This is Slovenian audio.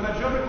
maggiore